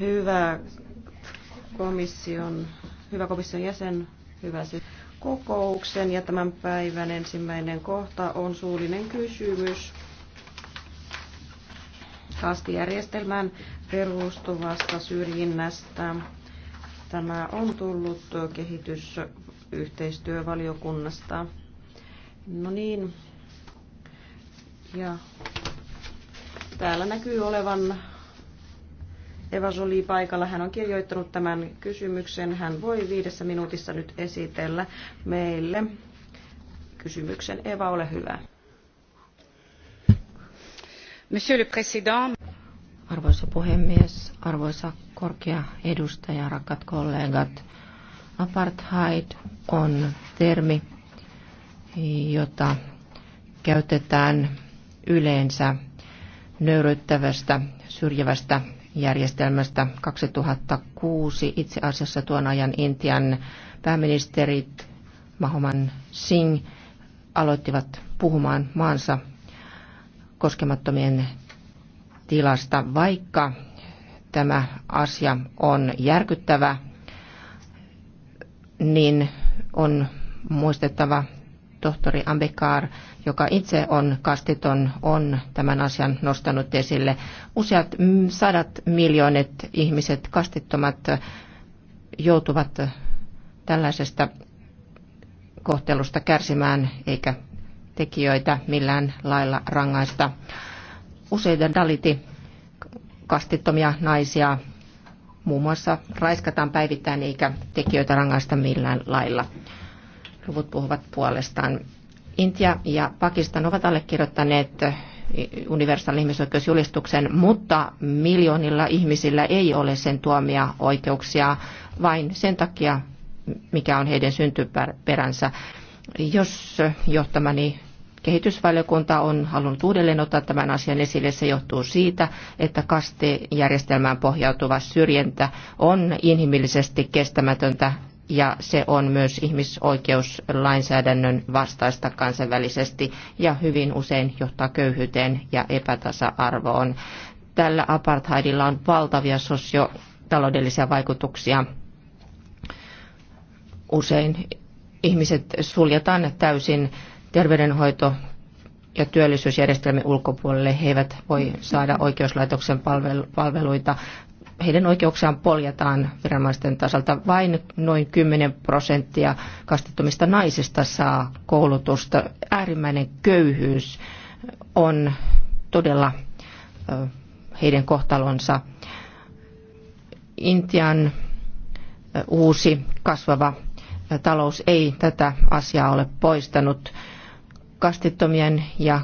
Hyvä komission, hyvä komission jäsen, hyvä kokouksen ja tämän päivän ensimmäinen kohta on suullinen kysymys kastijärjestelmään perustuvasta syrjinnästä. Tämä on tullut kehitysyhteistyövaliokunnasta. No niin. Ja täällä näkyy olevan Eva Soli paikalla. Hän on kirjoittanut tämän kysymyksen. Hän voi viidessä minuutissa nyt esitellä meille kysymyksen. Eva, ole hyvä. Monsieur le Président. Arvoisa puhemies, arvoisa korkea edustaja, rakkaat kollegat. Apartheid on termi, jota käytetään yleensä nöyryttävästä, syrjivästä järjestelmästä 2006. Itse asiassa tuon ajan Intian pääministerit Mahoman Singh aloittivat puhumaan maansa koskemattomien tilasta, vaikka tämä asia on järkyttävä, niin on muistettava tohtori Ambekar, joka itse on kastiton, on tämän asian nostanut esille. Useat sadat miljoonat ihmiset, kastittomat, joutuvat tällaisesta kohtelusta kärsimään, eikä tekijöitä millään lailla rangaista. Useiden daliti kastittomia naisia muun muassa raiskataan päivittäin eikä tekijöitä rangaista millään lailla. Luvut puhuvat puolestaan. Intia ja Pakistan ovat allekirjoittaneet universaalin ihmisoikeusjulistuksen, mutta miljoonilla ihmisillä ei ole sen tuomia oikeuksia vain sen takia, mikä on heidän syntyperänsä. Jos johtamani kehitysvaliokunta on halunnut uudelleen ottaa tämän asian esille, se johtuu siitä, että kastejärjestelmään pohjautuva syrjintä on inhimillisesti kestämätöntä ja se on myös ihmisoikeuslainsäädännön vastaista kansainvälisesti ja hyvin usein johtaa köyhyyteen ja epätasa-arvoon. Tällä apartheidilla on valtavia sosiotaloudellisia vaikutuksia. Usein ihmiset suljetaan täysin terveydenhoito ja työllisyysjärjestelmien ulkopuolelle. He eivät voi saada oikeuslaitoksen palveluita heidän oikeuksiaan poljetaan viranomaisten tasolta. Vain noin 10 prosenttia kastettomista naisista saa koulutusta. Äärimmäinen köyhyys on todella heidän kohtalonsa. Intian uusi kasvava talous ei tätä asiaa ole poistanut. Kastittomien ja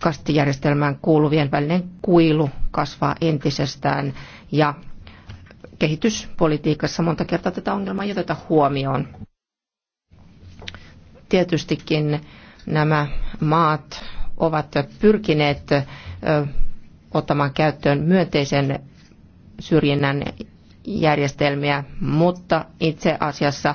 kastijärjestelmään kuuluvien välinen kuilu kasvaa entisestään ja kehityspolitiikassa monta kertaa tätä ongelmaa ei oteta huomioon. Tietystikin nämä maat ovat pyrkineet ottamaan käyttöön myönteisen syrjinnän järjestelmiä, mutta itse asiassa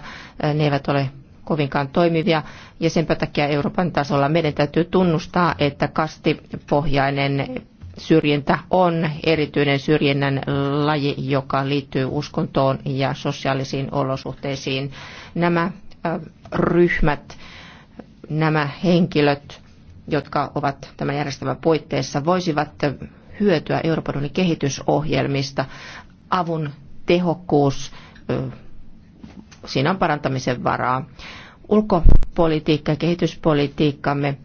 ne eivät ole kovinkaan toimivia. Ja sen takia Euroopan tasolla meidän täytyy tunnustaa, että kastipohjainen syrjintä on erityinen syrjinnän laji, joka liittyy uskontoon ja sosiaalisiin olosuhteisiin. Nämä ryhmät, nämä henkilöt, jotka ovat tämän järjestelmän puitteissa, voisivat hyötyä Euroopan unionin kehitysohjelmista. Avun tehokkuus, siinä on parantamisen varaa. Ulkopolitiikka ja kehityspolitiikkamme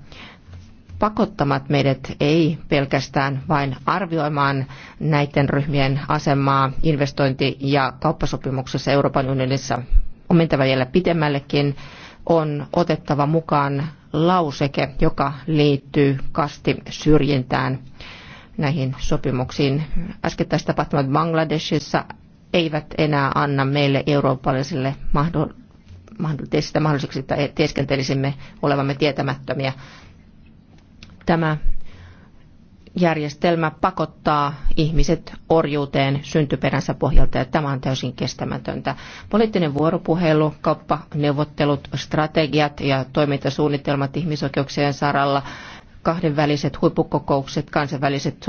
pakottamat meidät ei pelkästään vain arvioimaan näiden ryhmien asemaa investointi- ja kauppasopimuksessa Euroopan unionissa on mentävä vielä pitemmällekin, on otettava mukaan lauseke, joka liittyy kasti syrjintään näihin sopimuksiin. Äskettäiset tapahtumat Bangladeshissa eivät enää anna meille eurooppalaisille mahdollisuutta sitä mahdolliseksi, että e- teeskentelisimme olevamme tietämättömiä Tämä järjestelmä pakottaa ihmiset orjuuteen syntyperänsä pohjalta ja tämä on täysin kestämätöntä. Poliittinen vuoropuhelu, kauppaneuvottelut, strategiat ja toimintasuunnitelmat ihmisoikeuksien saralla kahdenväliset huippukokoukset, kansainväliset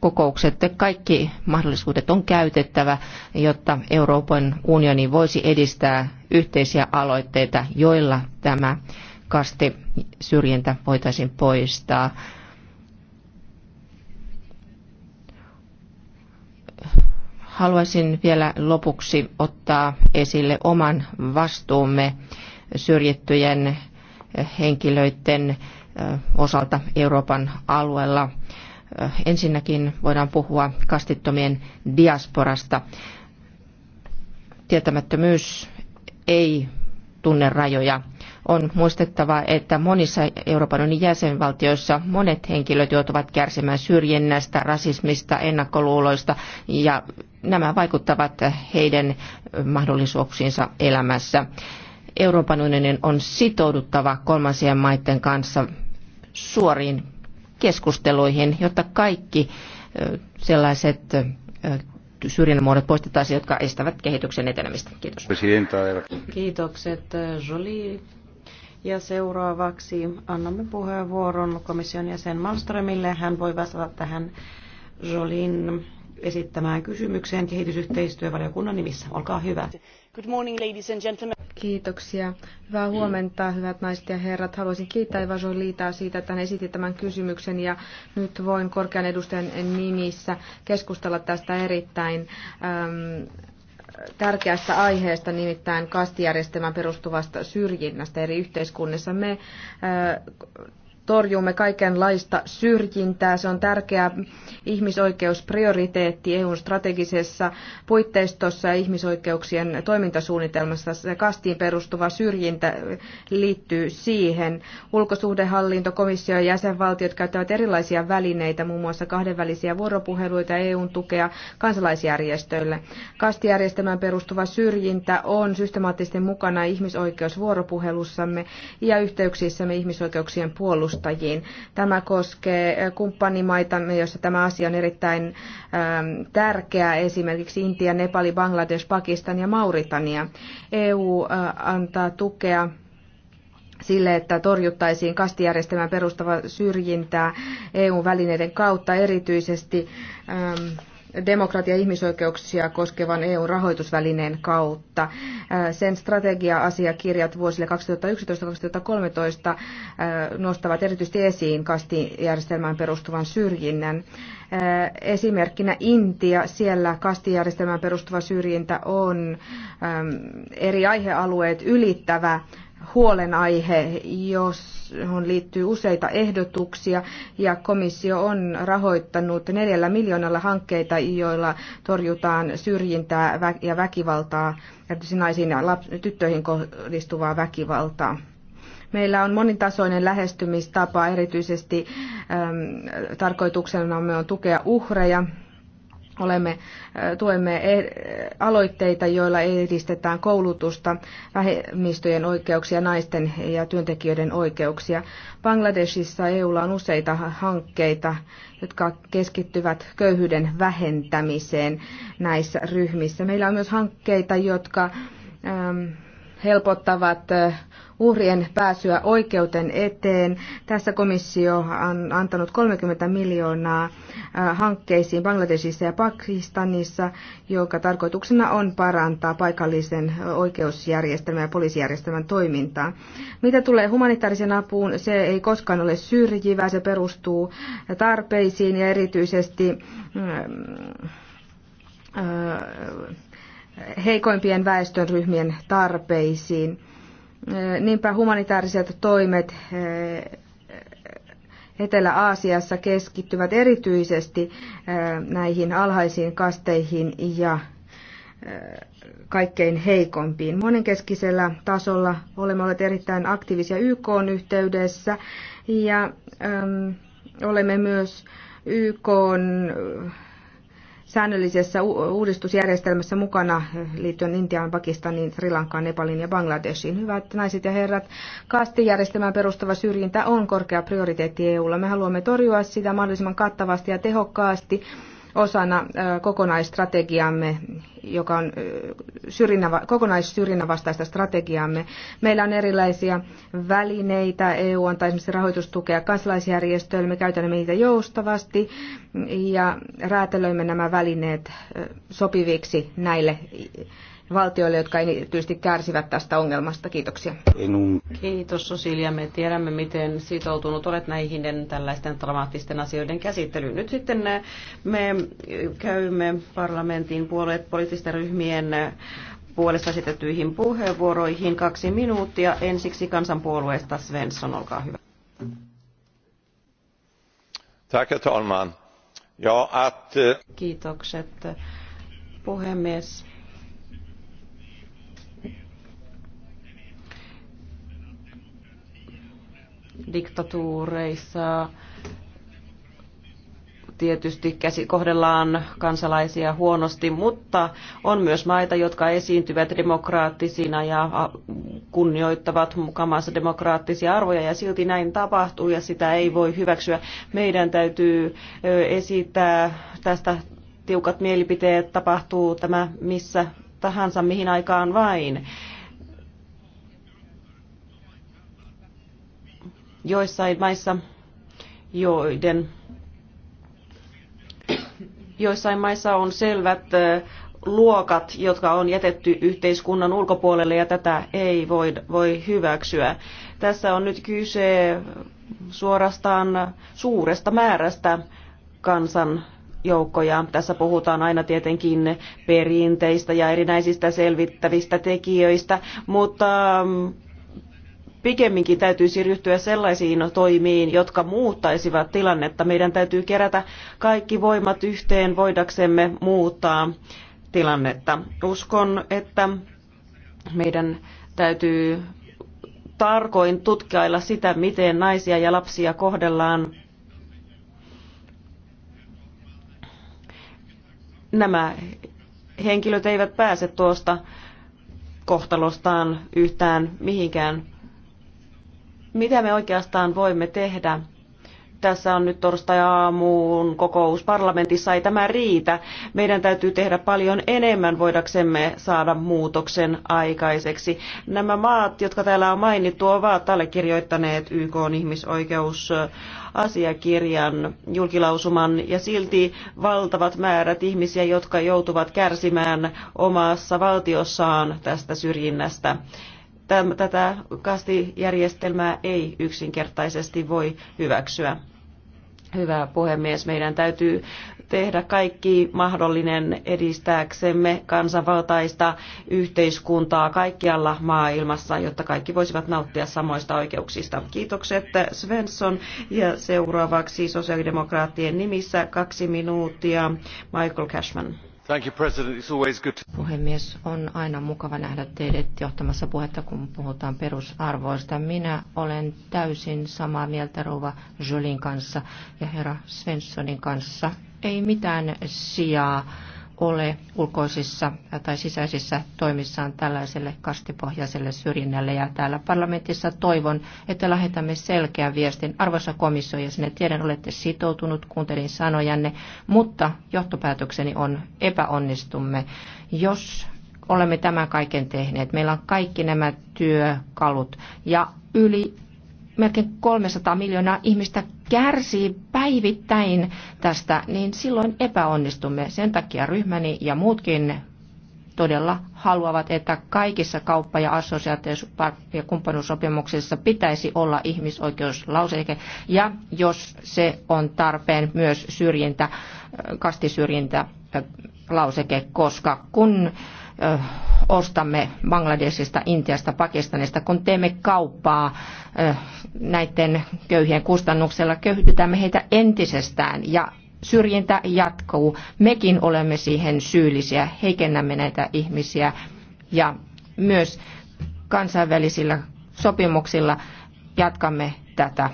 kokoukset, kaikki mahdollisuudet on käytettävä, jotta Euroopan unioni voisi edistää yhteisiä aloitteita, joilla tämä tehokkaasti syrjintä voitaisiin poistaa. Haluaisin vielä lopuksi ottaa esille oman vastuumme syrjittyjen henkilöiden osalta Euroopan alueella. Ensinnäkin voidaan puhua kastittomien diasporasta. Tietämättömyys ei tunne rajoja on muistettava, että monissa Euroopan unionin jäsenvaltioissa monet henkilöt joutuvat kärsimään syrjinnästä, rasismista, ennakkoluuloista ja nämä vaikuttavat heidän mahdollisuuksiinsa elämässä. Euroopan unionin on sitouduttava kolmansien maiden kanssa suoriin keskusteluihin, jotta kaikki sellaiset syrjinnän muodot poistetaan, jotka estävät kehityksen etenemistä. Kiitos. Presidenta. Kiitokset Jolie. Ja seuraavaksi annamme puheenvuoron komission jäsen Malmströmille. Hän voi vastata tähän Jolin esittämään kysymykseen kehitysyhteistyövaliokunnan nimissä. Olkaa hyvä. Good morning, ladies and gentlemen. Kiitoksia. Hyvää huomenta, hyvät naiset ja herrat. Haluaisin kiittää Eva Liitaa siitä, että hän esitti tämän kysymyksen ja nyt voin korkean edustajan nimissä keskustella tästä erittäin ähm, tärkeästä aiheesta, nimittäin kastijärjestelmän perustuvasta syrjinnästä eri yhteiskunnissa. Me torjumme kaikenlaista syrjintää. Se on tärkeä ihmisoikeusprioriteetti EUn strategisessa puitteistossa ja ihmisoikeuksien toimintasuunnitelmassa. Se kastiin perustuva syrjintä liittyy siihen. Ulkosuhdehallinto, komissio ja jäsenvaltiot käyttävät erilaisia välineitä, muun muassa kahdenvälisiä vuoropuheluita ja EUn tukea kansalaisjärjestöille. Kastijärjestelmään perustuva syrjintä on systemaattisesti mukana ihmisoikeusvuoropuhelussamme ja yhteyksissämme ihmisoikeuksien puolustamiseen edustajiin. Tämä koskee kumppanimaita, joissa tämä asia on erittäin ähm, tärkeä, esimerkiksi Intia, Nepali, Bangladesh, Pakistan ja Mauritania. EU äh, antaa tukea sille, että torjuttaisiin kastijärjestelmän perustava syrjintää EU-välineiden kautta erityisesti ähm, demokratia- ja ihmisoikeuksia koskevan EU-rahoitusvälineen kautta. Äh, sen strategia-asiakirjat vuosille 2011-2013 äh, nostavat erityisesti esiin kastijärjestelmään perustuvan syrjinnän. Äh, esimerkkinä Intia, siellä kastijärjestelmään perustuva syrjintä on ähm, eri aihealueet ylittävä huolenaihe, johon liittyy useita ehdotuksia ja komissio on rahoittanut neljällä miljoonalla hankkeita, joilla torjutaan syrjintää ja väkivaltaa, erityisesti naisiin ja tyttöihin kohdistuvaa väkivaltaa. Meillä on monitasoinen lähestymistapa, erityisesti äm, tarkoituksenamme on tukea uhreja, olemme, tuemme e, aloitteita, joilla edistetään koulutusta, vähemmistöjen oikeuksia, naisten ja työntekijöiden oikeuksia. Bangladesissa EUlla on useita hankkeita, jotka keskittyvät köyhyyden vähentämiseen näissä ryhmissä. Meillä on myös hankkeita, jotka ähm, helpottavat uhrien pääsyä oikeuden eteen. Tässä komissio on antanut 30 miljoonaa hankkeisiin Bangladesissa ja Pakistanissa, joka tarkoituksena on parantaa paikallisen oikeusjärjestelmän ja poliisijärjestelmän toimintaa. Mitä tulee humanitaarisen apuun, se ei koskaan ole syrjivää, se perustuu tarpeisiin ja erityisesti mm, heikoimpien väestöryhmien tarpeisiin. Niinpä humanitaariset toimet eh, Etelä-Aasiassa keskittyvät erityisesti eh, näihin alhaisiin kasteihin ja eh, kaikkein heikompiin. Monenkeskisellä tasolla olemme olleet erittäin aktiivisia YK yhteydessä ja olemme myös YK säännöllisessä uudistusjärjestelmässä mukana liittyen Intiaan, Pakistaniin, Sri Lankaan, Nepaliin ja Bangladeshiin. Hyvät naiset ja herrat, kastijärjestelmään perustava syrjintä on korkea prioriteetti EUlla. Me haluamme torjua sitä mahdollisimman kattavasti ja tehokkaasti osana kokonaisstrategiamme, joka on syrjinnä, kokonaissyrjinnän vastaista strategiamme. Meillä on erilaisia välineitä. EU antaa esimerkiksi rahoitustukea kansalaisjärjestöille. Me käytämme niitä joustavasti ja räätälöimme nämä välineet sopiviksi näille valtioille, jotka erityisesti kärsivät tästä ongelmasta. Kiitoksia. Kiitos Sosilia. Me tiedämme, miten sitoutunut olet näihin tällaisten dramaattisten asioiden käsittelyyn. Nyt sitten eh, me käymme parlamentin puolueet poliittisten ryhmien eh, puolesta esitettyihin puheenvuoroihin kaksi minuuttia. Ensiksi kansanpuolueesta Svensson, olkaa hyvä. Tack, herr talman. Ja, att... Eh, Kiitokset, puhemies diktatuureissa tietysti käsi, kohdellaan kansalaisia huonosti, mutta on myös maita, jotka esiintyvät demokraattisina ja kunnioittavat mukamassa demokraattisia arvoja ja silti näin tapahtuu ja sitä ei voi hyväksyä. Meidän täytyy esittää tästä tiukat mielipiteet, tapahtuu tämä missä tahansa, mihin aikaan vain. joissain maissa, joiden joissain maissa on selvät luokat, jotka on jätetty yhteiskunnan ulkopuolelle ja tätä ei voi, voi hyväksyä. Tässä on nyt kyse suorastaan suuresta määrästä kansan joukkoja. Tässä puhutaan aina tietenkin perinteistä ja erinäisistä selvittävistä tekijöistä, mutta mm, pikemminkin täytyisi ryhtyä sellaisiin toimiin, jotka muuttaisivat tilannetta. Meidän täytyy kerätä kaikki voimat yhteen voidaksemme muuttaa tilannetta. Uskon, että meidän täytyy tarkoin tutkailla sitä, miten naisia ja lapsia kohdellaan. Nämä henkilöt eivät pääse tuosta kohtalostaan yhtään mihinkään. Mitä me oikeastaan voimme tehdä? Tässä on nyt torstai-aamuun kokous parlamentissa, ei tämä riitä. Meidän täytyy tehdä paljon enemmän voidaksemme saada muutoksen aikaiseksi. Nämä maat, jotka täällä on mainittu, ovat allekirjoittaneet YK on ihmisoikeus asiakirjan julkilausuman ja silti valtavat määrät ihmisiä, jotka joutuvat kärsimään omassa valtiossaan tästä syrjinnästä tätä kastijärjestelmää ei yksinkertaisesti voi hyväksyä. Hyvä puhemies, meidän täytyy tehdä kaikki mahdollinen edistääksemme kansanvaltaista yhteiskuntaa kaikkialla maailmassa, jotta kaikki voisivat nauttia samoista oikeuksista. Kiitokset Svensson ja seuraavaksi sosiaalidemokraattien nimissä kaksi minuuttia Michael Cashman puhemies on aina mukava nähdä teidät johtamassa puhetta kun puhutaan perusarvoista. Minä olen täysin samaa mieltä rouva Jolin kanssa ja herra Svenssonin kanssa. Ei mitään sijaa ole ulkoisissa tai sisäisissä toimissaan tällaiselle kastipohjaiselle syrjinnälle. Ja täällä parlamentissa toivon, että lähetämme selkeän viestin. Arvoisa komissio, ja sinne tiedän, olette sitoutunut, kuuntelin sanojanne, mutta johtopäätökseni on epäonnistumme, jos olemme tämän kaiken tehneet. Meillä on kaikki nämä työkalut ja yli melkein 300 miljoonaa ihmistä kärsii päivittäin tästä, niin silloin epäonnistumme. Sen takia ryhmäni ja muutkin todella haluavat, että kaikissa kauppa- ja assosiaatio- ja kumppanuussopimuksissa pitäisi olla ihmisoikeuslauseke, ja jos se on tarpeen, myös syrjintä, kastisyrjintä äh, lauseke, koska kun ostamme Bangladesista, Intiasta, Pakistanista, kun teemme kauppaa näiden köyhien kustannuksella, köyhdytämme heitä entisestään ja syrjintä jatkuu. Mekin olemme siihen syyllisiä, heikennämme näitä ihmisiä ja myös kansainvälisillä sopimuksilla jatkamme tätä.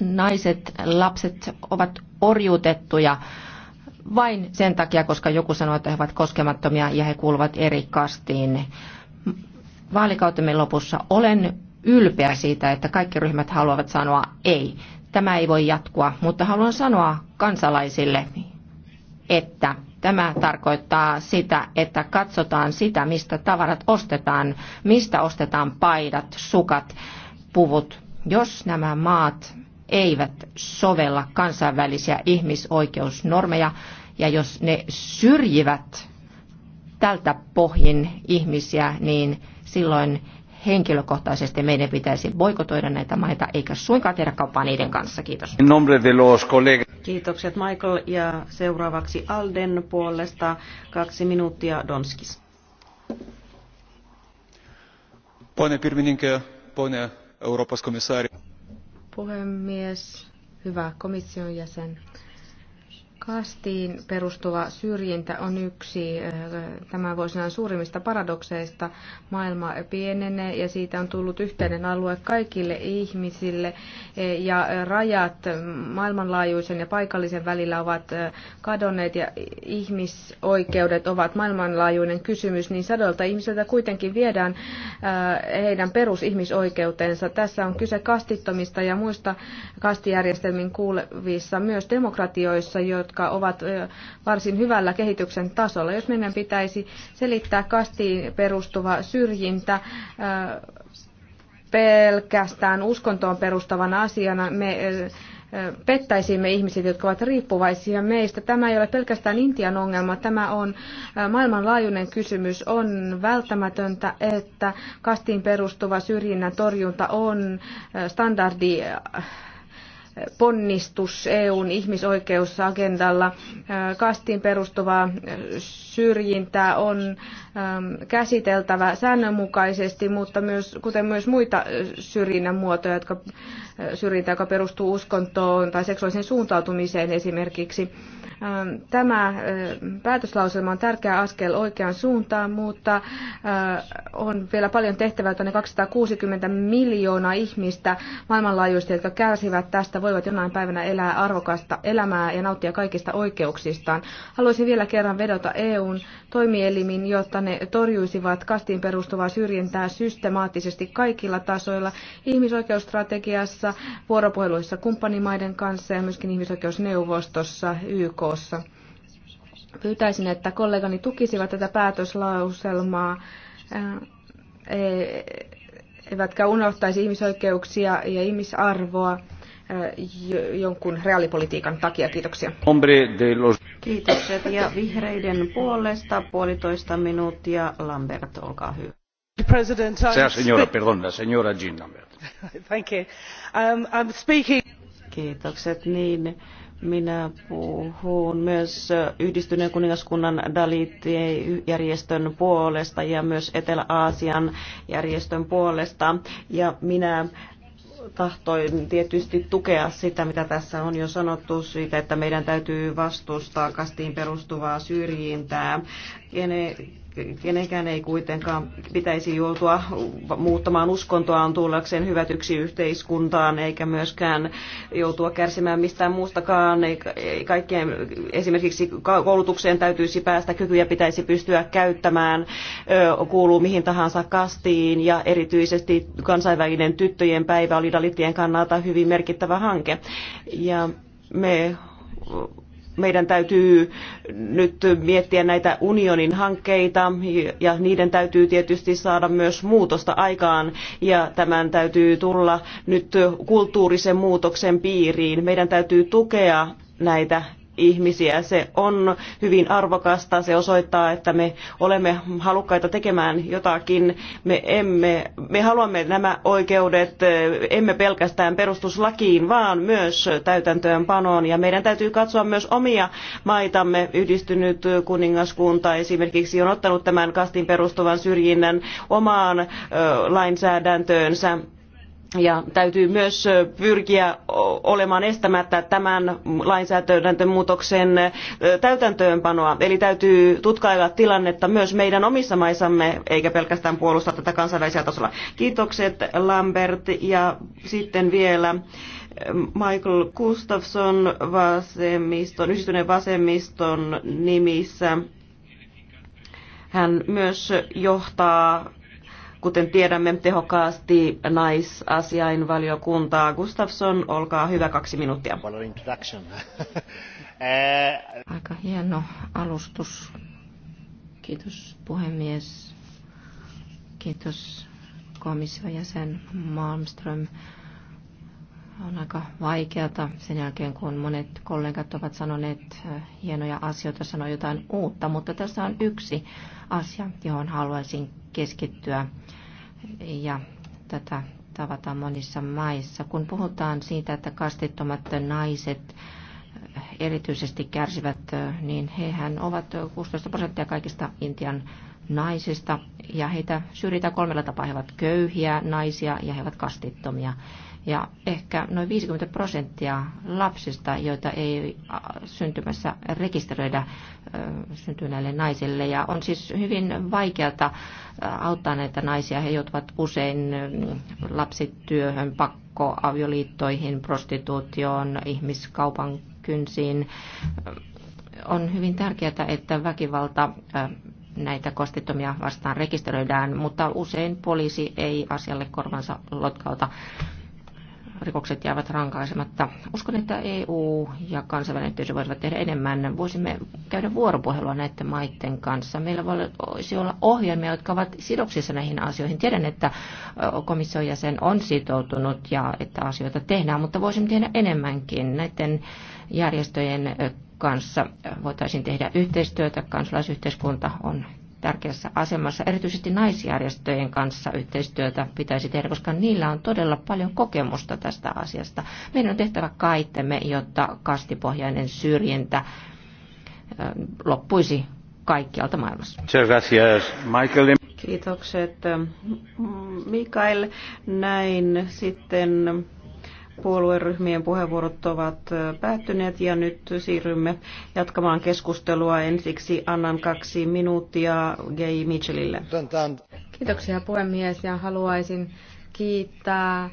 Naiset, lapset ovat orjuutettuja vain sen takia, koska joku sanoo, että he ovat koskemattomia ja he kuuluvat eri kastiin. Vaalikautemme lopussa olen ylpeä siitä, että kaikki ryhmät haluavat sanoa ei. Tämä ei voi jatkua, mutta haluan sanoa kansalaisille, että Tämä tarkoittaa sitä, että katsotaan sitä, mistä tavarat ostetaan, mistä ostetaan paidat, sukat, puvut. Jos nämä maat eivät sovella kansainvälisiä ihmisoikeusnormeja ja jos ne syrjivät tältä pohjin ihmisiä, niin silloin henkilökohtaisesti meidän pitäisi boikotoida näitä maita, eikä suinkaan tehdä kauppaa niiden kanssa. Kiitos. Kiitokset Michael ja seuraavaksi Alden puolesta kaksi minuuttia Donskis. Pone pirmininkė, pone Europos komissaari puhemies, hyvä komission jäsen. Kastiin perustuva syrjintä on yksi eh, tämän vuosina suurimmista paradokseista. Maailma pienenee ja siitä on tullut yhteinen alue kaikille ihmisille eh, ja rajat maailmanlaajuisen ja paikallisen välillä ovat eh, kadonneet ja ihmisoikeudet ovat maailmanlaajuinen kysymys, niin sadolta ihmisiltä kuitenkin viedään heidän perusihmisoikeutensa. Tässä on kyse kastittomista ja muista kastijärjestelmin kuulevissa myös demokratioissa, jotka jotka ovat varsin hyvällä kehityksen tasolla. Jos meidän pitäisi selittää kastiin perustuva syrjintä pelkästään uskontoon perustavana asiana, me pettäisimme ihmiset, jotka ovat riippuvaisia meistä. Tämä ei ole pelkästään Intian ongelma, tämä on maailmanlaajuinen kysymys. On välttämätöntä, että kastiin perustuva syrjinnän torjunta on standardi ponnistus EUn ihmisoikeusagendalla. Kastiin perustuvaa syrjintää on käsiteltävä säännönmukaisesti, mutta myös, kuten myös muita syrjinnän muotoja, jotka, syrjintä, joka perustuu uskontoon tai seksuaaliseen suuntautumiseen esimerkiksi Ähm, tämä äh, päätöslauselma on tärkeä askel oikeaan suuntaan, mutta äh, on vielä paljon tehtävää, että ne 260 miljoonaa ihmistä maailmanlaajuisesti, jotka kärsivät tästä, voivat jonain päivänä elää arvokasta elämää ja nauttia kaikista oikeuksistaan. Haluaisin vielä kerran vedota EUn toimielimin, jotta ne torjuisivat kastiin perustuvaa syrjintää systemaattisesti kaikilla tasoilla, ihmisoikeusstrategiassa, vuoropuheluissa kumppanimaiden kanssa ja myöskin ihmisoikeusneuvostossa YK YKssa. Pyytäisin, että kollegani tukisivat tätä päätöslauselmaa, e, eivätkä unohtaisi ihmisoikeuksia ja ihmisarvoa jonkun reaalipolitiikan takia. Kiitoksia. Kiitokset ja vihreiden puolesta puolitoista minuuttia. Lambert, olkaa hyvä. Um, Kiitokset niin minä puhun myös yhdistyneen kuningaskunnan Dalit-järjestön puolesta ja myös Etelä-Aasian järjestön puolesta. Ja minä tahtoin tietysti tukea sitä, mitä tässä on jo sanottu siitä, että meidän täytyy vastustaa kastiin perustuvaa syrjintää. Gene kenenkään ei kuitenkaan pitäisi joutua muuttamaan uskontoaan tullakseen hyvätyksi yhteiskuntaan, eikä myöskään joutua kärsimään mistään muustakaan. Ei kaikkien, esimerkiksi koulutukseen täytyisi päästä, kykyjä pitäisi pystyä käyttämään, kuuluu mihin tahansa kastiin, ja erityisesti kansainvälinen tyttöjen päivä oli Dalitien kannalta hyvin merkittävä hanke. Ja me meidän täytyy nyt miettiä näitä unionin hankkeita ja niiden täytyy tietysti saada myös muutosta aikaan ja tämän täytyy tulla nyt kulttuurisen muutoksen piiriin. Meidän täytyy tukea näitä ihmisiä. Se on hyvin arvokasta, se osoittaa, että me olemme halukkaita tekemään jotakin. Me, emme, me haluamme nämä oikeudet eh, emme pelkästään perustuslakiin, vaan myös täytäntöönpanoon. Ja meidän täytyy katsoa myös omia maitamme. Yhdistynyt kuningaskunta esimerkiksi on ottanut tämän kastin perustuvan syrjinnän omaan ö, eh, lainsäädäntöönsä ja täytyy myös pyrkiä olemaan estämättä tämän lainsäädäntömuutoksen täytäntöönpanoa. Eli täytyy tutkailla tilannetta myös meidän omissa maissamme, eikä pelkästään puolustaa tätä kansainvälisellä tasolla. Kiitokset Lambert ja sitten vielä Michael Gustafsson vasemmiston, yhdistyneen vasemmiston nimissä. Hän myös johtaa Kuten tiedämme tehokkaasti naisasiainvaliokuntaa. Gustafsson, olkaa hyvä kaksi minuuttia. Eh, Aika hieno alustus. Kiitos puhemies. Kiitos komission jäsen Malmström on aika vaikeata sen jälkeen, kun monet kollegat ovat sanoneet hienoja asioita, sanoa jotain uutta, mutta tässä on yksi asia, johon haluaisin keskittyä ja tätä tavataan monissa maissa. Kun puhutaan siitä, että kastittomat naiset erityisesti kärsivät, niin hehän ovat 16 prosenttia kaikista Intian naisista ja heitä syrjitään kolmella tapaa. He ovat köyhiä naisia ja he ovat kastittomia. Ja ehkä noin 50 prosenttia lapsista, joita ei äh, syntymässä rekisteröidä, äh, syntyneille naisille. Ja on siis hyvin vaikeata äh, auttaa näitä naisia. He joutuvat usein mm, lapsityöhön, pakkoavioliittoihin, prostituutioon, ihmiskaupan kynsiin. On hyvin tärkeää, että väkivalta näitä kostittomia vastaan rekisteröidään, mutta usein poliisi ei asialle korvansa lotkauta rikokset jäävät rankaisematta. Uskon, että EU ja kansainvälinen yhteisö voisivat tehdä enemmän. Voisimme käydä vuoropuhelua näiden maiden kanssa. Meillä voisi olla ohjelmia, jotka ovat sidoksissa näihin asioihin. Tiedän, että komission jäsen on sitoutunut ja että asioita tehdään, mutta voisimme tehdä enemmänkin näiden järjestöjen kanssa voitaisiin tehdä yhteistyötä. Kansalaisyhteiskunta on tärkeässä asemassa. Erityisesti naisjärjestöjen kanssa yhteistyötä pitäisi tehdä, koska niillä on todella paljon kokemusta tästä asiasta. Meidän on tehtävä kaikkemme, jotta kastipohjainen syrjintä loppuisi kaikkialta maailmassa. Kiitokset Mikael. Näin sitten puolueryhmien puheenvuorot ovat päättyneet ja nyt siirrymme jatkamaan keskustelua. Ensiksi annan kaksi minuuttia Gay Mitchellille. Kiitoksia puhemies ja haluaisin kiittää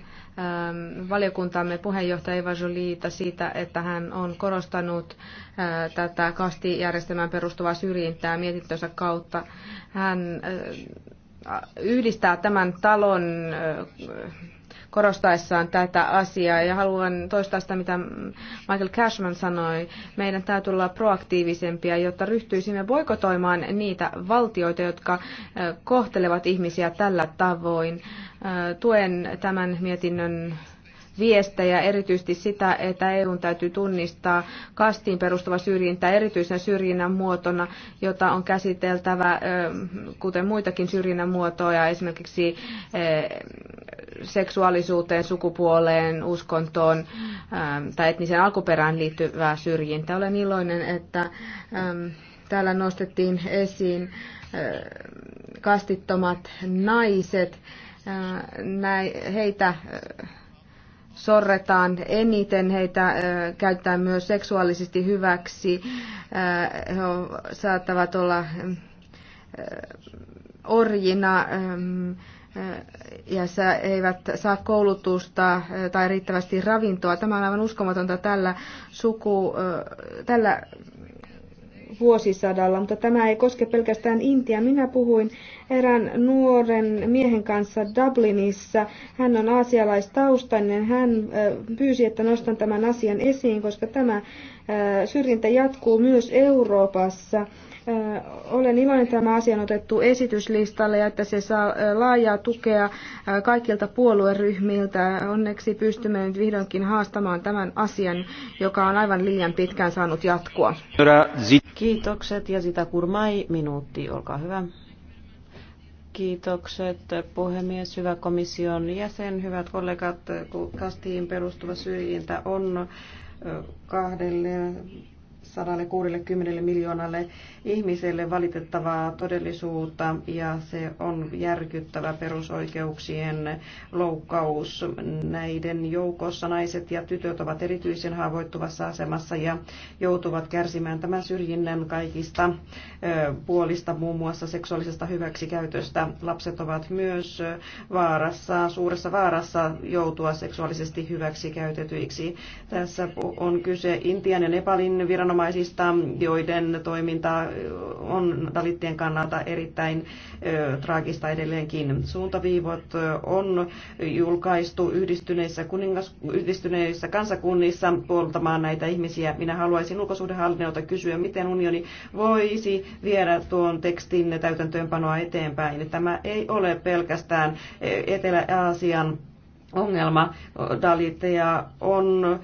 valiokuntamme puheenjohtaja Eva Jolita siitä, että hän on korostanut tätä kastijärjestelmään perustuvaa syrjintää mietintönsä kautta. Hän yhdistää tämän talon korostaessaan tätä asiaa. Ja haluan toistaa sitä, mitä Michael Cashman sanoi. Meidän täytyy olla proaktiivisempia, jotta ryhtyisimme boikotoimaan niitä valtioita, jotka kohtelevat ihmisiä tällä tavoin. Tuen tämän mietinnön viestejä, erityisesti sitä, että EUn täytyy tunnistaa kastiin perustuva syrjintä erityisen syrjinnän muotona, jota on käsiteltävä, kuten muitakin syrjinnän muotoja, esimerkiksi seksuaalisuuteen, sukupuoleen, uskontoon ähm, tai etnisen alkuperään liittyvää syrjintää. Olen iloinen, että ähm, täällä nostettiin esiin äh, kastittomat naiset. Äh, heitä äh, sorretaan eniten, heitä käytetään myös seksuaalisesti hyväksi. He saattavat olla orjina ähm, ja eivät saa koulutusta tai riittävästi ravintoa. Tämä on aivan uskomatonta tällä, suku, tällä vuosisadalla, mutta tämä ei koske pelkästään Intiaa. Minä puhuin erään nuoren miehen kanssa Dublinissa. Hän on aasialaistaustainen. Hän pyysi, että nostan tämän asian esiin, koska tämä syrjintä jatkuu myös Euroopassa. Olen iloinen, että tämä asia on otettu esityslistalle ja että se saa laajaa tukea kaikilta puolueryhmiltä. Onneksi pystymme nyt vihdoinkin haastamaan tämän asian, joka on aivan liian pitkään saanut jatkua. Kiitokset ja sitä kurmai minuutti, olkaa hyvä. Kiitokset puhemies, hyvä komission jäsen, hyvät kollegat. Kastiin perustuva syrjintä on kahdelle 160 miljoonalle ihmiselle valitettavaa todellisuutta ja se on järkyttävä perusoikeuksien loukkaus. Näiden joukossa naiset ja tytöt ovat erityisen haavoittuvassa asemassa ja joutuvat kärsimään tämän syrjinnän kaikista puolista, muun muassa seksuaalisesta hyväksikäytöstä. Lapset ovat myös vaarassa, suuressa vaarassa joutua seksuaalisesti hyväksikäytetyiksi. Tässä on kyse Intian ja Nepalin viranomaisten viranomaisista, joiden toiminta on dalittien kannalta erittäin traagista edelleenkin. Suuntaviivot on julkaistu yhdistyneissä, kuningas, yhdistyneissä kansakunnissa puoltamaan näitä ihmisiä. Minä haluaisin ulkosuhdehallinnolta kysyä, miten unioni voisi viedä tuon tekstin täytäntöönpanoa eteenpäin. Tämä ei ole pelkästään Etelä-Aasian ongelma. Daliteja on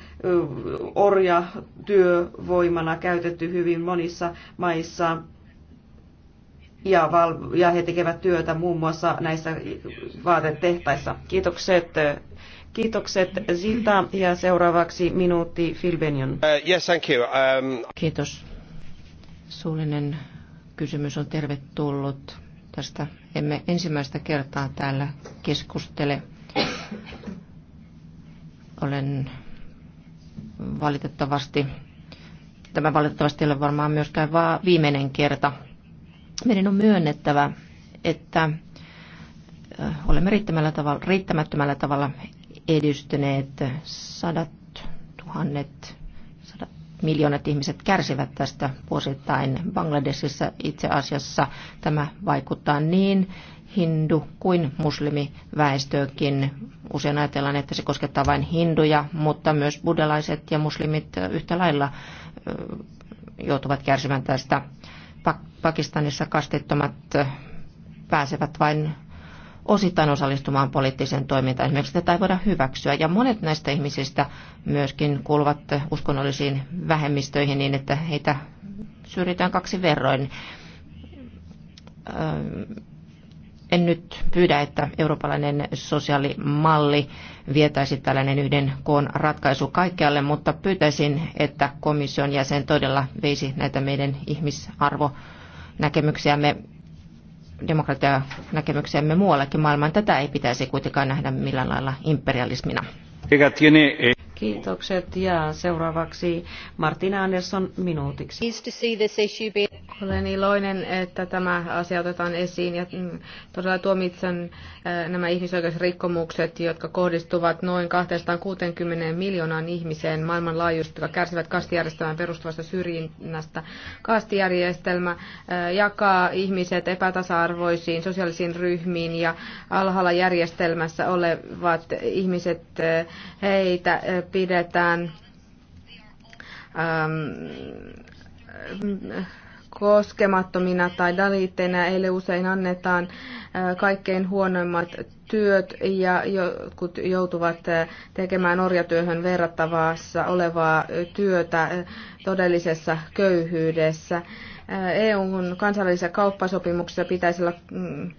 orja työvoimana käytetty hyvin monissa maissa ja, val- ja he tekevät työtä muun muassa näissä vaatetehtaissa. Kiitokset. Kiitokset Zilta ja seuraavaksi minuutti Phil Benion. Uh, yes, thank you. Um... Kiitos. Suullinen kysymys on tervetullut. Tästä emme ensimmäistä kertaa täällä keskustele olen valitettavasti, tämä valitettavasti ei ole varmaan myöskään vaan viimeinen kerta. Meidän on myönnettävä, että olemme riittämällä tavalla, riittämättömällä tavalla edistyneet. Sadat tuhannet, sadat miljoonat ihmiset kärsivät tästä vuosittain. Bangladesissa itse asiassa tämä vaikuttaa niin, hindu kuin muslimiväestöäkin. Usein ajatellaan, että se koskettaa vain hinduja, mutta myös buddhalaiset ja muslimit yhtä lailla joutuvat kärsimään tästä. Pakistanissa kastettomat pääsevät vain osittain osallistumaan poliittiseen toimintaan. Esimerkiksi tätä ei voida hyväksyä. Ja monet näistä ihmisistä myöskin kuuluvat uskonnollisiin vähemmistöihin niin, että heitä syrjitään kaksi verroin en nyt pyydä, että eurooppalainen sosiaalimalli vietäisi tällainen yhden koon ratkaisu kaikkealle, mutta pyytäisin, että komission jäsen todella veisi näitä meidän ihmisarvonäkemyksiämme demokratianäkemyksiämme muuallekin maailmaan. Tätä ei pitäisi kuitenkaan nähdä millään lailla imperialismina. Kiitokset ja seuraavaksi Martina Andersson minuutiksi. Olen iloinen, että tämä asia otetaan esiin ja mm, todella tuomitsen äh, nämä ihmisoikeusrikkomukset, jotka kohdistuvat noin 260 miljoonaan ihmiseen maailmanlaajuisesti, jotka kärsivät kastijärjestelmän perustuvasta syrjinnästä. Kastijärjestelmä äh, jakaa ihmiset epätasa-arvoisiin sosiaalisiin ryhmiin ja alhaalla järjestelmässä olevat ihmiset äh, heitä pidetään ähm, koskemattomina tai daliitteina. Heille usein annetaan äh, kaikkein huonoimmat työt ja jotkut joutuvat äh, tekemään orjatyöhön verrattavassa olevaa työtä äh, todellisessa köyhyydessä. EUn kansainvälisessä kauppasopimuksessa pitäisi olla mm,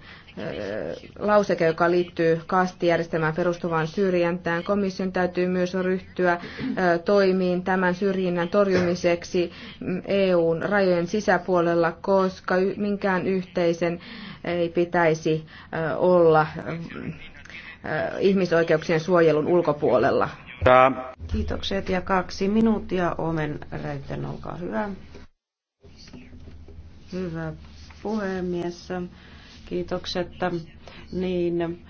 lauseke, joka liittyy kastijärjestelmään perustuvaan syrjintään. Komission täytyy myös ryhtyä toimiin tämän syrjinnän torjumiseksi mm, EUn rajojen sisäpuolella, koska minkään yhteisen ei pitäisi olla ihmisoikeuksien suojelun ulkopuolella. Kiitokset ja kaksi minuuttia. Omen Räyten, olkaa hyvä. Hyvä puhemies. Kiitokset. Niin,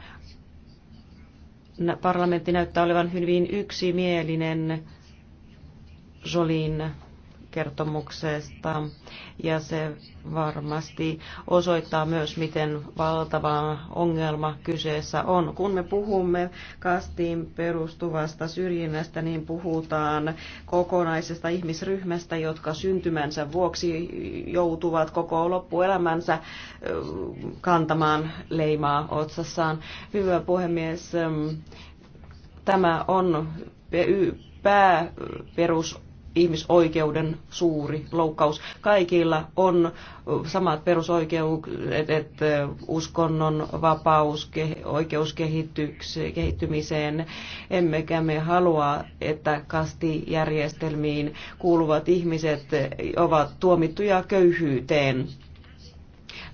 parlamentti näyttää olevan hyvin yksimielinen Jolin kertomuksesta ja se varmasti osoittaa myös, miten valtava ongelma kyseessä on. Kun me puhumme kastiin perustuvasta syrjinnästä, niin puhutaan kokonaisesta ihmisryhmästä, jotka syntymänsä vuoksi joutuvat koko loppuelämänsä kantamaan leimaa otsassaan. Hyvä puhemies, tämä on pääperus ihmisoikeuden suuri loukkaus. Kaikilla on samat perusoikeudet, että uskonnon vapaus, oikeus kehittymiseen. Emmekä me halua, että kastijärjestelmiin kuuluvat ihmiset ovat tuomittuja köyhyyteen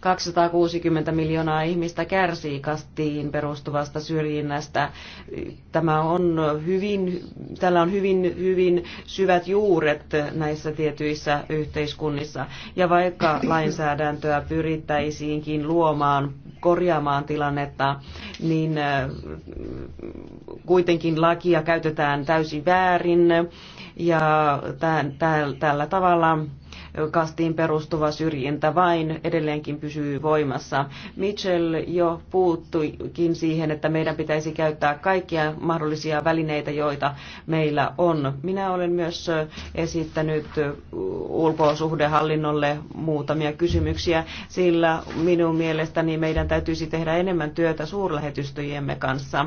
260 miljoonaa ihmistä kärsii kastiin perustuvasta syrjinnästä. Tämä on hyvin, tällä on hyvin, hyvin syvät juuret näissä tietyissä yhteiskunnissa. Ja vaikka lainsäädäntöä pyrittäisiinkin luomaan, korjaamaan tilannetta, niin äh, kuitenkin lakia käytetään täysin väärin ja tällä tavalla kastiin perustuva syrjintä vain edelleenkin pysyy voimassa. Mitchell jo puuttuikin siihen, että meidän pitäisi käyttää kaikkia mahdollisia välineitä, joita meillä on. Minä olen myös esittänyt ulkosuhdehallinnolle muutamia kysymyksiä, sillä minun mielestäni meidän täytyisi tehdä enemmän työtä suurlähetystöjemme kanssa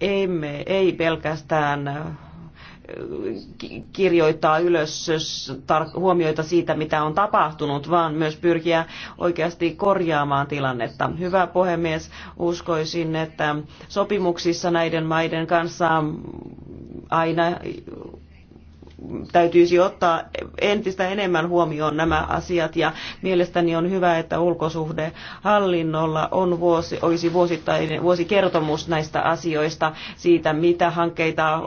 emme, ei pelkästään kirjoittaa ylös huomioita siitä, mitä on tapahtunut, vaan myös pyrkiä oikeasti korjaamaan tilannetta. Hyvä puhemies, uskoisin, että sopimuksissa näiden maiden kanssa aina täytyisi ottaa entistä enemmän huomioon nämä asiat ja mielestäni on hyvä, että ulkosuhdehallinnolla on vuosi, olisi vuosittainen vuosikertomus näistä asioista siitä, mitä hankkeita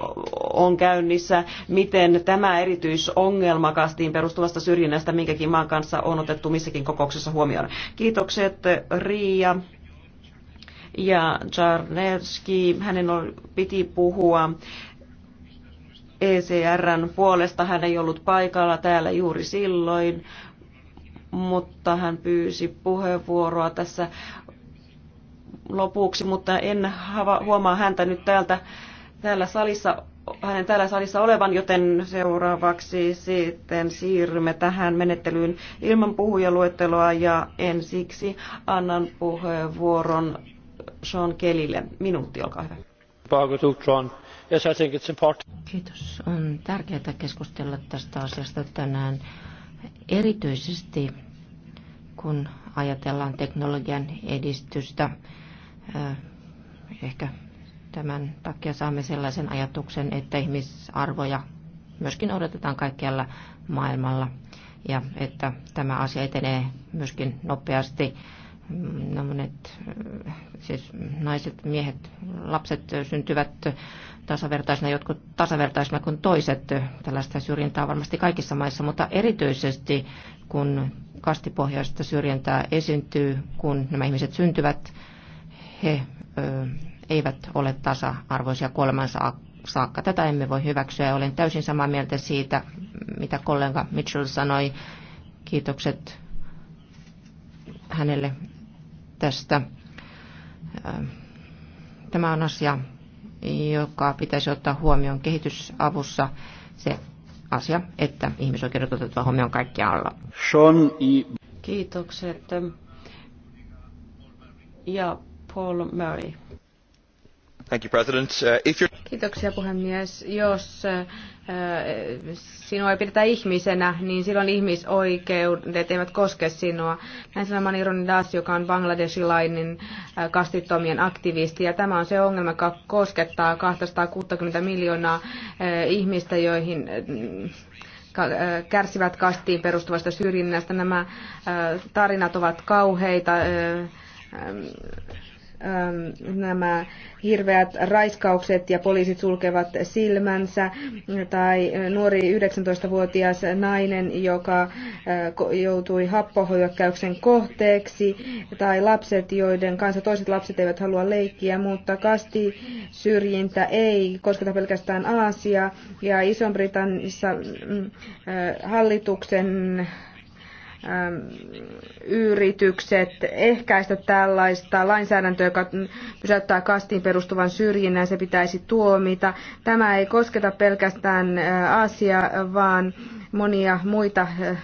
on käynnissä, miten tämä erityisongelma kastiin perustuvasta syrjinnästä minkäkin maan kanssa on otettu missäkin kokouksessa huomioon. Kiitokset Riia ja Czarnerski, hänen piti puhua ECRn puolesta. Hän ei ollut paikalla täällä juuri silloin, mutta hän pyysi puheenvuoroa tässä lopuksi, mutta en huomaa häntä nyt täältä, täällä salissa, hänen täällä salissa olevan, joten seuraavaksi sitten siirrymme tähän menettelyyn ilman puhujaluetteloa ja ensiksi annan puheenvuoron Sean Kelille. Minuutti, olkaa hyvä. Yes, I think it's important. Kiitos. On tärkeää keskustella tästä asiasta tänään, erityisesti kun ajatellaan teknologian edistystä. Eh, ehkä tämän takia saamme sellaisen ajatuksen, että ihmisarvoja myöskin odotetaan kaikkialla maailmalla ja että tämä asia etenee myöskin nopeasti. Mm, no monet, eh, siis naiset, miehet, lapset syntyvät tasavertaisena, jotkut tasavertaisena kuin toiset. Tällaista syrjintää varmasti kaikissa maissa, mutta erityisesti kun kastipohjaista syrjintää esiintyy, kun nämä ihmiset syntyvät, he ö, eivät ole tasa-arvoisia kuolemansa saakka. Tätä emme voi hyväksyä ja olen täysin samaa mieltä siitä, mitä kollega Mitchell sanoi. Kiitokset hänelle tästä. Tämä on asia, joka pitäisi ottaa huomioon kehitysavussa se asia, että ihmisoikeudet otetaan huomioon kaikkialla. Sean I. E. Kiitokset. Ja Paul Murray. Thank you, President. Uh, if you're... Kiitoksia puhemies. Jos uh, sinua ei pidetä ihmisenä, niin silloin ihmisoikeudet eivät koske sinua. Näin sanoi Manirun Das, joka on bangladesilainen kastittomien aktivisti. Ja tämä on se ongelma, joka koskettaa 260 miljoonaa ihmistä, joihin kärsivät kastiin perustuvasta syrjinnästä. Nämä tarinat ovat kauheita Ähm, nämä hirveät raiskaukset ja poliisit sulkevat silmänsä tai nuori 19-vuotias nainen, joka äh, joutui happohyökkäyksen kohteeksi tai lapset, joiden kanssa toiset lapset eivät halua leikkiä, mutta kasti syrjintä ei kosketa pelkästään Aasia, ja iso britannissa mm, äh, hallituksen Ähm, yritykset ehkäistä tällaista lainsäädäntöä, joka pysäyttää kastiin perustuvan syrjinnän, se pitäisi tuomita. Tämä ei kosketa pelkästään äh, Aasiaa, vaan monia muita äh,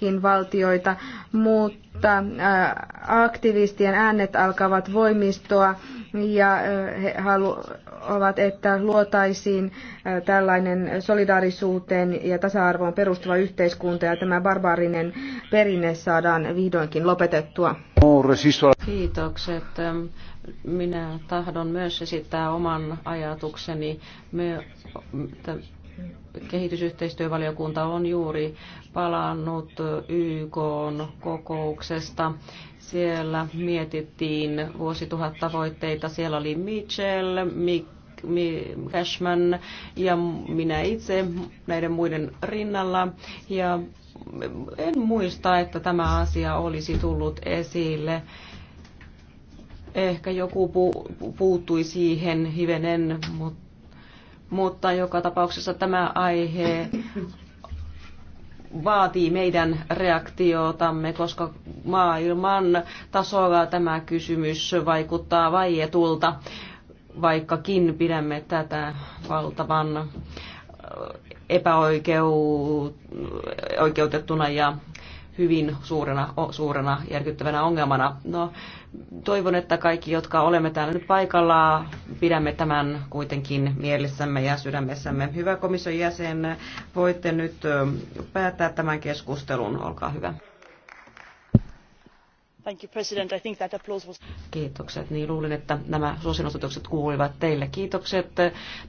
muitakin valtioita, mutta äh, aktivistien äänet alkavat voimistua ja äh, he haluavat, että luotaisiin äh, tällainen solidaarisuuteen ja tasa-arvoon perustuva yhteiskunta ja tämä barbaarinen perinne saadaan vihdoinkin lopetettua. Kiitokset. Minä tahdon myös esittää oman ajatukseni. Me, kehitysyhteistyövaliokunta on juuri palannut YK kokouksesta. Siellä mietittiin tavoitteita. Siellä oli Mitchell, Mick Cashman ja minä itse näiden muiden rinnalla. Ja en muista, että tämä asia olisi tullut esille. Ehkä joku puuttui siihen hivenen, mutta mutta joka tapauksessa tämä aihe vaatii meidän reaktiotamme, koska maailman tasolla tämä kysymys vaikuttaa vaietulta, vaikkakin pidämme tätä valtavan äh, epäoikeutettuna ja hyvin suurena, suurena järkyttävänä ongelmana. No, toivon, että kaikki, jotka olemme täällä nyt paikalla, pidämme tämän kuitenkin mielessämme ja sydämessämme. Hyvä komission jäsen, voitte nyt päättää tämän keskustelun. Olkaa hyvä. Kiitokset. Niin luulin, että nämä suosinosoitukset kuuluivat teille. Kiitokset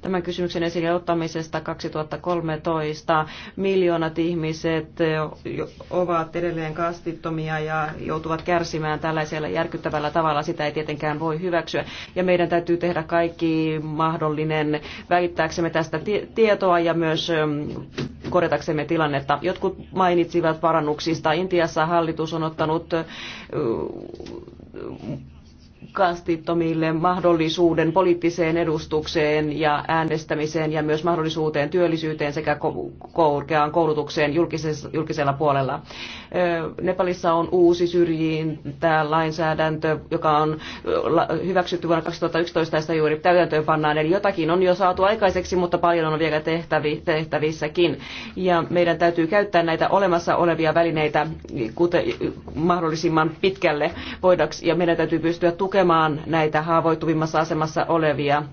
tämän kysymyksen esille ottamisesta 2013. Miljoonat ihmiset eh, ovat edelleen kastittomia ja joutuvat kärsimään tällaisella järkyttävällä tavalla. Sitä ei tietenkään voi hyväksyä. Ja meidän täytyy tehdä kaikki mahdollinen väittääksemme tästä tietoa ja myös mm, korjataksemme tilannetta. Jotkut mainitsivat parannuksista. Intiassa hallitus on ottanut kastittomille mahdollisuuden poliittiseen edustukseen ja äänestämiseen ja myös mahdollisuuteen työllisyyteen sekä korkeaan koulutukseen julkisella puolella. Nepalissa on uusi syrjintä lainsäädäntö, joka on hyväksytty vuonna 2011 ja sitä juuri täytäntöön pannaan. Eli jotakin on jo saatu aikaiseksi, mutta paljon on vielä tehtävi, tehtävissäkin. Ja meidän täytyy käyttää näitä olemassa olevia välineitä kuten, mahdollisimman pitkälle voidaksi, ja meidän täytyy pystyä tukemaan tukemaan näitä haavoittuvimmassa asemassa olevia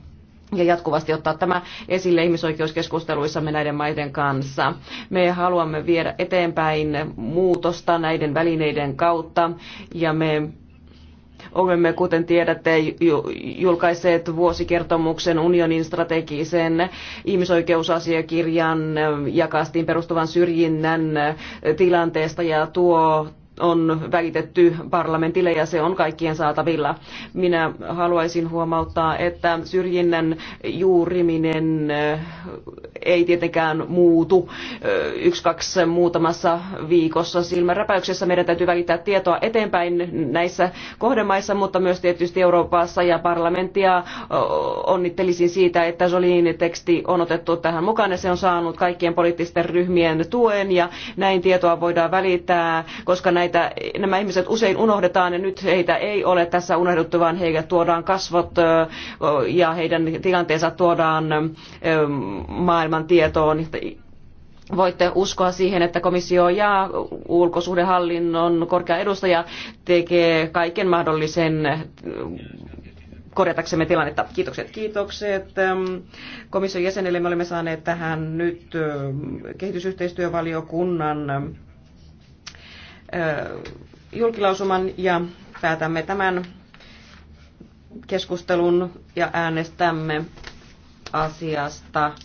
ja jatkuvasti ottaa tämä esille ihmisoikeuskeskusteluissamme näiden maiden kanssa. Me haluamme viedä eteenpäin muutosta näiden välineiden kautta ja me olemme, kuten tiedätte, julkaiseet vuosikertomuksen unionin strategisen ihmisoikeusasiakirjan ja kastiin perustuvan syrjinnän tilanteesta ja tuo on välitetty parlamentille ja se on kaikkien saatavilla. Minä haluaisin huomauttaa, että syrjinnän juuriminen eh, ei tietenkään muutu eh, yksi, kaksi muutamassa viikossa silmänräpäyksessä. Meidän täytyy välittää tietoa eteenpäin näissä kohdemaissa, mutta myös tietysti Euroopassa ja parlamenttia eh, onnittelisin siitä, että Jolin teksti on otettu tähän mukaan ja se on saanut kaikkien poliittisten ryhmien tuen ja näin tietoa voidaan välittää, koska näin näitä, nämä ihmiset usein unohdetaan ja nyt heitä ei ole tässä unohdettu, vaan heille tuodaan kasvot ja heidän tilanteensa tuodaan maailman tietoon voitte uskoa siihen, että komissio ja ulkosuhdehallinnon korkea edustaja tekee kaiken mahdollisen korjataksemme tilannetta. Kiitokset, kiitokset. Komission jäsenille me olemme saaneet tähän nyt kehitysyhteistyövaliokunnan julkilausuman ja päätämme tämän keskustelun ja äänestämme asiasta.